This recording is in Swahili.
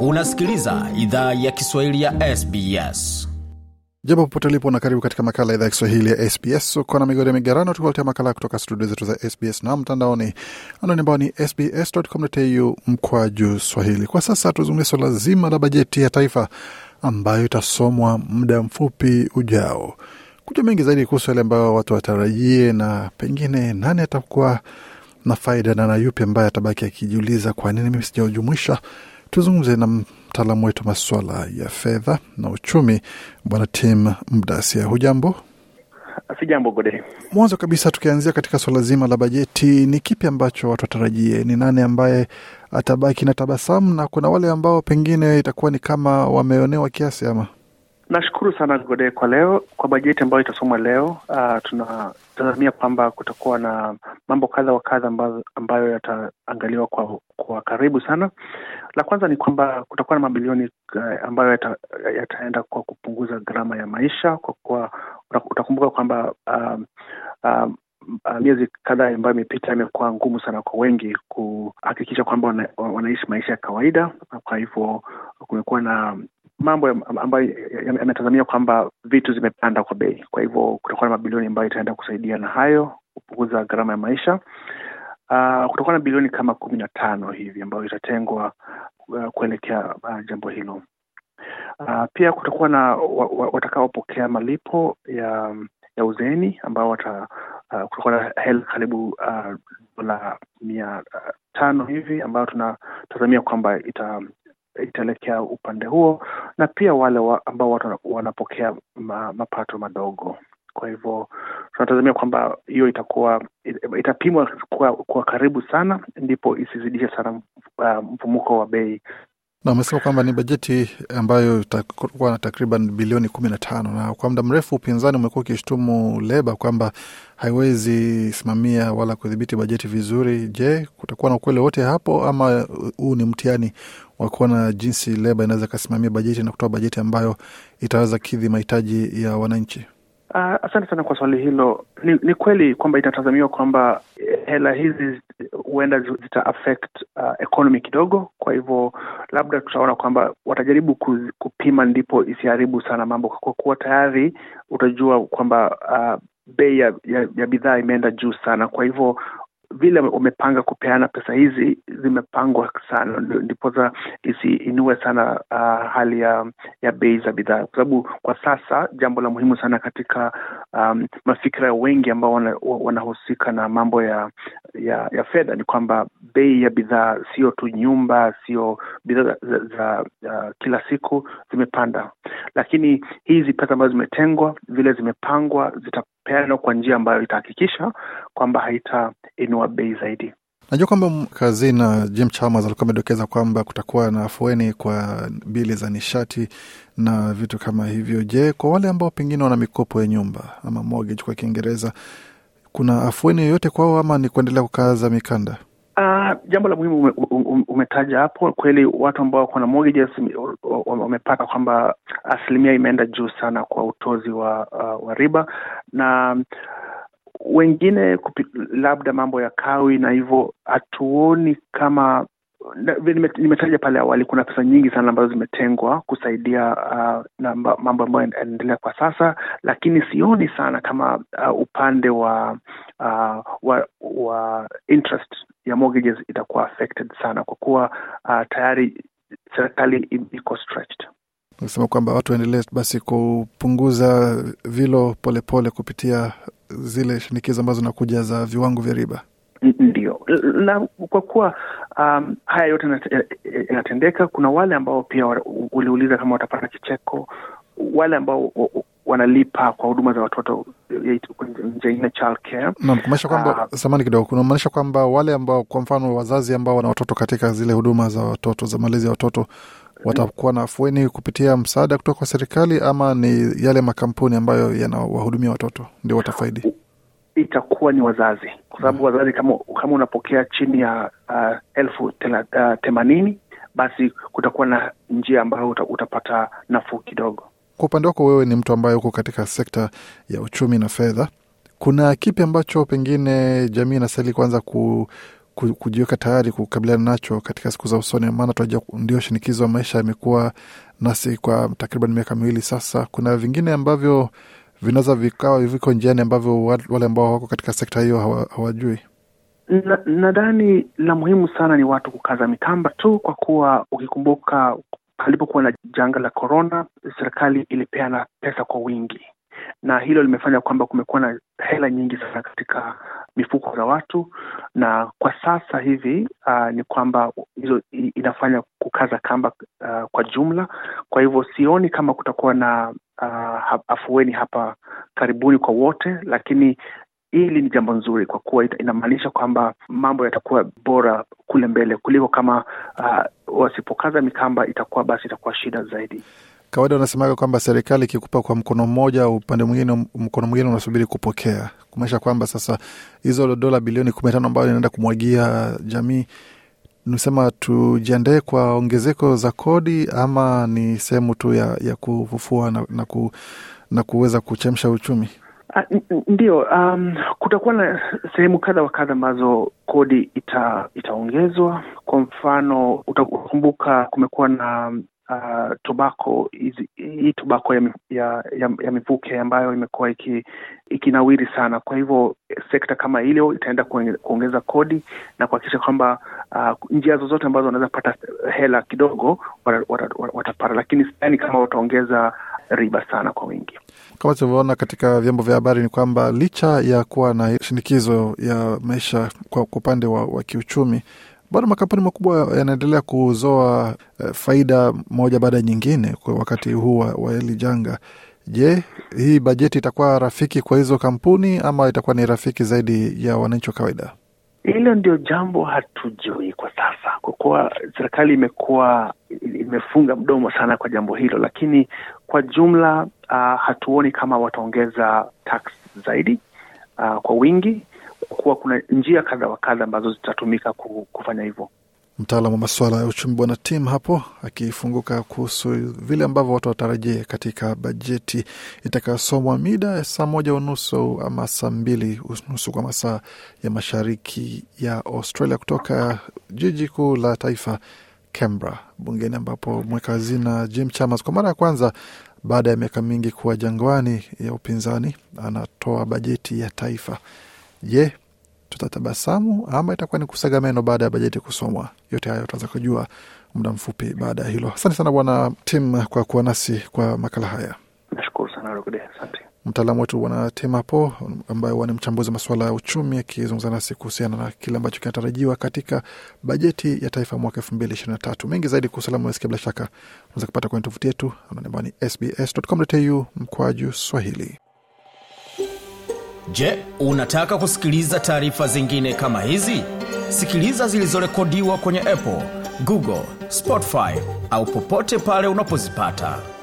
Unasikiliza idhaa ya Kiswahili ya SBS. Jambo popote ulipo na karibu katika makala idhaa ya Kiswahili ya SBS. Uko na migodi ya migarano, tukuletea makala kutoka studio zetu za SBS na mtandaoni, anwani ambao ni sbscu mkwa juu swahili. Kwa sasa tuzungumzia swala zima la bajeti ya taifa ambayo itasomwa muda mfupi ujao. Kuja mengi zaidi kuhusu yale ambayo watu watarajie na pengine nani atakuwa na faida na na yupi ambaye atabaki akijiuliza kwa nini mimi sijaujumuisha Tuzungumze na mtaalamu wetu masuala ya fedha na uchumi, Bwana Tim Mdasia. Hujambo? Si jambo Gode. Mwanzo kabisa, tukianzia katika suala zima la bajeti, ni kipi ambacho watu watarajie? Ni nani ambaye atabaki na tabasamu na kuna wale ambao pengine itakuwa ni kama wameonewa kiasi? Ama nashukuru sana Gode kwa leo, kwa bajeti ambayo itasomwa leo. Uh, tunatazamia kwamba kutakuwa na mambo kadha wa kadha ambayo, ambayo yataangaliwa kwa, kwa karibu sana la kwanza ni kwamba kutakuwa na mabilioni eh, ambayo yata, yataenda kwa kupunguza gharama ya maisha kwa kuwa utakumbuka kwamba um, um, uh, miezi kadhaa ambayo imepita imekuwa ngumu sana kwa wengi kuhakikisha kwamba wana, wanaishi maisha ya kawaida. Kwa hivyo kumekuwa na mambo ambayo yametazamia kwamba vitu zimepanda kwa bei. Kwa hivyo kutakuwa na mabilioni ambayo itaenda kusaidia na hayo kupunguza gharama ya maisha uh, kutakuwa na bilioni kama kumi na tano hivi ambayo itatengwa uh, kuelekea uh, jambo hilo. Uh, pia kutakuwa na wa, wa, watakaopokea malipo ya ya uzeeni ambao wata uh, kutakuwa na hela karibu uh, dola mia uh, tano hivi ambayo tunatazamia kwamba ita itaelekea upande huo, na pia wale wa, ambao watu wanapokea ma, mapato madogo. Kwa hivyo tunatazamia kwamba hiyo itakuwa itapimwa kwa, kwa karibu sana, ndipo isizidishe sana ah, mfumuko wa bei na amesema kwamba ni bajeti ambayo itakuwa na takriban bilioni kumi na tano na kwa muda mrefu upinzani umekuwa ukishtumu Leba kwamba haiwezi simamia wala kudhibiti bajeti vizuri. Je, kutakuwa na ukweli wote hapo ama huu ni mtiani wa kuona jinsi Leba inaweza ikasimamia bajeti na kutoa bajeti ambayo itaweza kidhi mahitaji ya wananchi? Uh, asante sana kwa swali hilo. Ni, ni kweli kwamba inatazamiwa kwamba eh, hela hizi huenda zita affect uh, economy kidogo. Kwa hivyo labda tutaona kwamba watajaribu kuz, kupima ndipo isiharibu sana mambo, kwa kuwa tayari utajua kwamba uh, bei ya, ya, ya bidhaa imeenda juu sana. Kwa hivyo vile wamepanga kupeana pesa hizi zimepangwa sana, ndiposa isiinue sana uh, hali ya ya bei za bidhaa, kwa sababu kwa sasa jambo la muhimu sana katika um, mafikira wengi ambao wanahusika wana na mambo ya ya, ya fedha ni kwamba bei ya bidhaa sio tu nyumba, sio bidhaa za, za, za uh, kila siku zimepanda, lakini hizi pesa ambazo zimetengwa vile zimepangwa zita peanwa kwa njia ambayo itahakikisha kwamba haitainua bei zaidi. Najua kwamba na Jim Chalmers alikuwa amedokeza kwamba kutakuwa na afueni kwa bili za nishati na vitu kama hivyo. Je, kwa wale ambao pengine wana mikopo ya nyumba ama mortgage kwa Kiingereza, kuna afueni yoyote kwao ama ni kuendelea kukaza mikanda? Uh, jambo la muhimu ume, ume, umetaja hapo kweli, watu ambao wako na mortgages wamepata kwamba asilimia imeenda juu sana kwa utozi wa, uh, wa riba na wengine kupi, labda mambo ya kawi na hivyo hatuoni kama nimetaja pale awali, kuna pesa nyingi sana ambazo zimetengwa kusaidia uh, na mambo ambayo yanaendelea kwa sasa, lakini sioni sana kama uh, upande wa, uh, wa wa interest ya mortgages itakuwa affected sana kwa kuwa uh, tayari serikali iko stretched Nasema kwamba watu waendelee basi kupunguza vilo polepole pole kupitia zile shinikizo ambazo zinakuja za viwango vya riba. Ndio, na kwa kuwa um, haya yote yanatendeka, kuna wale ambao pia uliuliza kama watapata kicheko, wale ambao wanalipa kwa huduma za watoto nje Naam, kumaanisha kwamba uh, ah, samani kidogo, kunamaanisha kwamba wale ambao kwa mfano wazazi ambao wana watoto katika zile huduma za watoto za malezi ya watoto watakuwa na afueni kupitia msaada kutoka kwa serikali, ama ni yale makampuni ambayo yanawahudumia watoto ndio watafaidi? Itakuwa ni wazazi, kwa sababu mm. wazazi kama, kama unapokea chini ya uh, elfu uh, themanini uh, basi kutakuwa na njia ambayo utapata nafuu kidogo kwa upande wako wewe ni mtu ambaye uko katika sekta ya uchumi na fedha, kuna kipi ambacho pengine jamii inastahili kwanza ku, ku, kujiweka tayari kukabiliana nacho katika siku za usoni? Maana tunajua ndio shinikizo ya maisha yamekuwa nasi kwa takriban miaka miwili sasa. Kuna vingine ambavyo vinaweza vikawa viko njiani ambavyo wale ambao wako katika sekta hiyo hawajui? Nadhani na la muhimu sana ni watu kukaza mitamba tu, kwa kuwa ukikumbuka palipokuwa na janga la korona, serikali ilipeana pesa kwa wingi, na hilo limefanya kwamba kumekuwa na hela nyingi sana katika mifuko za watu, na kwa sasa hivi uh, ni kwamba hizo inafanya kukaza kamba uh, kwa jumla. Kwa hivyo sioni kama kutakuwa na uh, afueni hapa karibuni kwa wote, lakini Hili ni jambo nzuri kwa kuwa inamaanisha kwamba mambo yatakuwa bora kule mbele kuliko kama uh, wasipokaza mikamba, itakuwa basi itakuwa shida zaidi. Kawaida wanasemaga kwamba serikali ikikupa kwa mkono mmoja, upande mwingine, mkono mwingine unasubiri kupokea, kumaanisha kwamba sasa hizo dola bilioni kumi na tano ambayo inaenda kumwagia jamii Nisema tujiandae kwa ongezeko za kodi ama ni sehemu tu ya, ya kufufua na, na, ku, na kuweza kuchemsha uchumi? Ah, Ndiyo, um, kutakuwa na sehemu kadha wa kadha ambazo kodi ita, itaongezwa. Kwa mfano, utakumbuka kumekuwa na uh, tobako hii tobako ya, ya, ya, ya mivuke ambayo imekuwa iki, ikinawiri sana. Kwa hivyo sekta kama hilo itaenda kuongeza kodi na kuhakikisha kwamba uh, njia zozote ambazo wanaweza pata hela kidogo watapata, lakini sidhani kama wataongeza riba sana kwa wingi kama tunavyoona katika vyombo vya habari ni kwamba licha ya kuwa na shinikizo ya maisha kwa upande wa, wa kiuchumi bado makampuni makubwa yanaendelea kuzoa eh, faida moja baada ya nyingine kwa wakati huu wa hili janga. Je, hii bajeti itakuwa rafiki kwa hizo kampuni ama itakuwa ni rafiki zaidi ya wananchi wa kawaida? Hilo ndio jambo hatujui kwa sasa, kwa kuwa serikali imekuwa imefunga mdomo sana kwa jambo hilo, lakini kwa jumla uh, hatuoni kama wataongeza tax zaidi uh, kwa wingi kwa kuwa kuna njia kadha wa kadha ambazo zitatumika kufanya hivyo. Mtaalamu wa masuala ya uchumi Bwana Tim hapo akifunguka kuhusu vile ambavyo watu watarajia katika bajeti itakayosomwa mida ya saa moja unusu ama saa mbili unusu kwa masaa ya mashariki ya Australia, kutoka jiji kuu la taifa Canberra, bungeni ambapo mweka hazina Jim Chalmers kwa mara ya kwanza baada ya miaka mingi kuwa jangwani ya upinzani, anatoa bajeti ya taifa. Je, tutatabasamu ama itakuwa ni kusaga meno baada ya bajeti kusomwa? Yote hayo tutaweza kujua muda mfupi baada ya hilo. Asante sana Bwana Tim kwa kuwa nasi kwa makala haya. Nashukuru sana Rukde, asante mtaalamu wetu Bwana Temapo ambaye ni mchambuzi wa masuala ya uchumi akizungumza nasi kuhusiana na kile ambacho kinatarajiwa katika bajeti ya taifa mwaka elfu mbili ishirini na tatu. Mengi zaidi kuhusu salamu wesikia, bila shaka unaweza kupata kwenye tovuti yetu ambao ni sbs.com.au mkwaju Swahili. Je, unataka kusikiliza taarifa zingine kama hizi? Sikiliza zilizorekodiwa kwenye Apple, Google, Spotify au popote pale unapozipata.